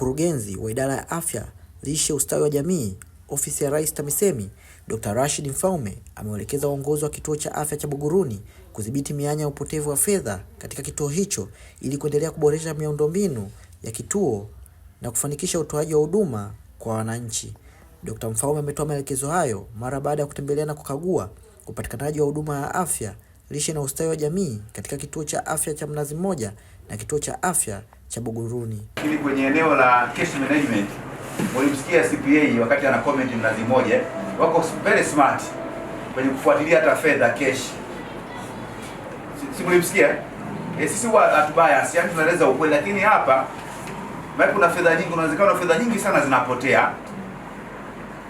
Mkurugenzi wa Idara ya Afya, Lishe, Ustawi wa Jamii, Ofisi ya Rais TAMISEMI, Dr. Rashid Mfaume ameelekeza uongozi wa Kituo cha Afya cha Buguruni kudhibiti mianya ya upotevu wa fedha katika kituo hicho ili kuendelea kuboresha miundombinu ya kituo na kufanikisha utoaji wa huduma kwa wananchi. Dkt. Mfaume ametoa maelekezo hayo mara baada ya kutembelea na kukagua upatikanaji wa huduma ya afya, lishe na ustawi wa jamii katika Kituo cha Afya cha Mnazi Mmoja na Kituo cha Afya cha Buguruni. Lakini kwenye eneo la cash management, walimsikia CPA wakati ana comment mradi moja, wako very smart kwenye kufuatilia hata fedha cash. Si mlimsikia? E, sisi huwa si yani tunaeleza ukweli, lakini hapa maana kuna fedha nyingi, unawezekana na fedha nyingi sana zinapotea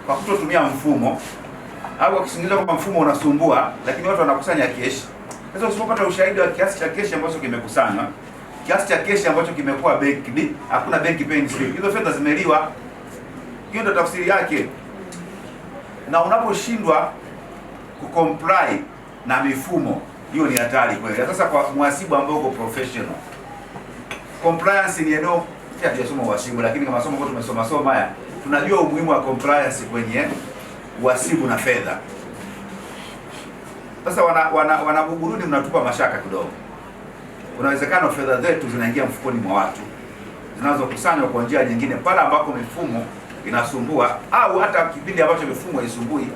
kwa kutotumia mfumo au wakisingizia kwamba mfumo unasumbua, lakini watu wanakusanya cash. Sasa usipopata ushahidi wa kiasi cha cash ambacho kimekusanywa kiasi cha keshi ambacho kimekuwa benki ni hakuna benki pay slip. Hizo fedha zimeliwa, hiyo ndio tafsiri yake. Na unaposhindwa kucomply na mifumo hiyo, ni hatari kweli. Sasa kwa mhasibu ambaye uko professional, compliance ni eneo hatujasoma uhasibu, lakini kama somo tumesoma soma haya, tunajua umuhimu wa compliance kwenye uhasibu na fedha. Sasa wana, wana, wanabuguruni mnatupa mashaka kidogo unawezekana fedha zetu zinaingia mfukoni mwa watu zinazokusanywa kwa njia nyingine pale ambapo mifumo inasumbua au hata kipindi ambacho mifumo isumbui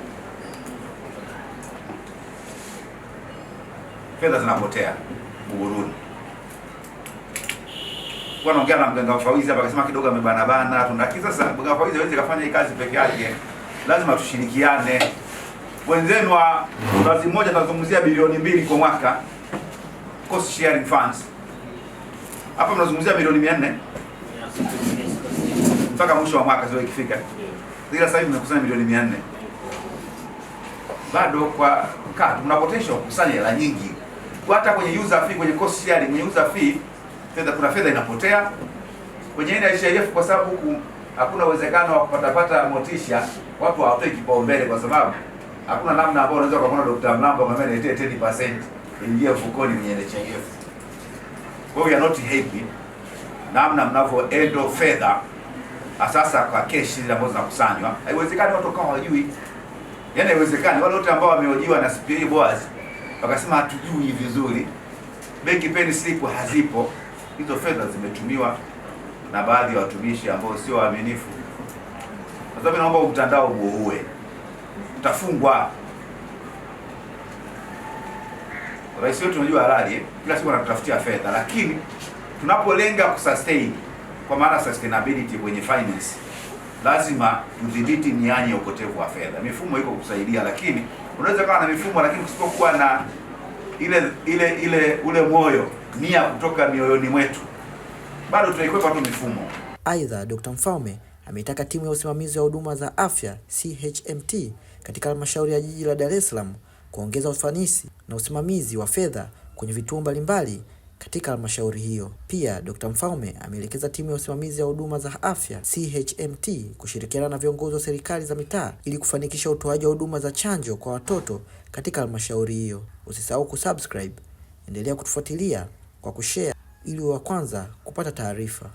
fedha zinapotea Buguruni. Kwa naongea na mganga Mfawizi hapa akasema kidogo amebanabana, tunaki sasa mganga Mfawizi hawezi kufanya hii kazi peke yake. Lazima tushirikiane. Wenzenu wa mzazi mmoja tunazungumzia bilioni mbili kwa mwaka cost sharing funds. Hapa mnazungumzia milioni 400 mpaka mwisho wa mwaka sio ikifika. Ila sasa hivi mmekusanya milioni 400. Bado kwa ka tuna potential kukusanya hela nyingi. Hata kwenye user fee, kwenye cost sharing, kwenye user fee fedha kuna fedha inapotea. Kwenye NHIF kwa sababu huku hakuna uwezekano wa kupatapata motisha, watu hawapei kipaumbele kwa sababu hakuna namna ambayo unaweza ukamwona Dr. Mlambo akamwambia niletee 10% ingia mfukoni miele cheyefu. Kwa hiyo are not happy namna mnavyo endo fedha sasa kwa keshi zile ambazo zinakusanywa. Haiwezekani watu kama hawajui, yaani haiwezekani. Wale wote ambao wamehojiwa na CPA Boaz wakasema hatujui vizuri, benki peni slipu hazipo, hizo fedha zimetumiwa na baadhi ya watumishi ambao sio waaminifu. Sasa mimi naomba mtandao uboue, utafungwa. rais wetu unajua halali kila siku anatafutia fedha, lakini tunapolenga kusustain kwa maana sustainability kwenye finance lazima tudhibiti mianya ya upotevu wa fedha. Mifumo iko kusaidia, lakini unaweza kuwa na mifumo lakini kusipokuwa na ile ile ile ule moyo nia kutoka mioyoni mwetu bado tutaikwepa tu mifumo. Aidha, Dr. Mfaume ameitaka timu ya usimamizi wa huduma za afya CHMT katika halmashauri ya jiji la Dar es Salaam kuongeza ufanisi na usimamizi wa fedha kwenye vituo mbalimbali katika halmashauri hiyo. Pia Dkt. Mfaume ameelekeza timu ya usimamizi wa huduma za afya CHMT kushirikiana na viongozi wa serikali za mitaa ili kufanikisha utoaji wa huduma za chanjo kwa watoto katika halmashauri hiyo. Usisahau kusubscribe, endelea kutufuatilia kwa kushare ili wa kwanza kupata taarifa.